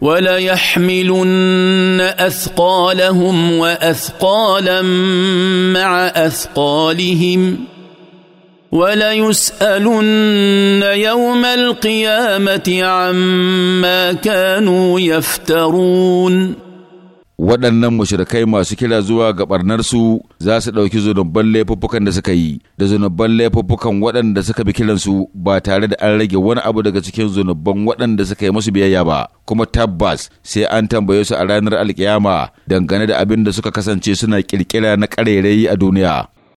وليحملن اثقالهم واثقالا مع اثقالهم وليسالن يوم القيامه عما كانوا يفترون waɗannan mashirkai masu kira zuwa ga ɓarnarsu za su ɗauki zunuban laifuffukan da suka yi da zunuban laifuffukan waɗanda suka bi kiransu ba tare da an rage wani abu daga cikin zunuban waɗanda suka yi musu biyayya ba kuma tabbas sai an tambaye su a ranar alkiyama dangane da abin da suka kasance suna ƙirƙira na ƙarairayi a duniya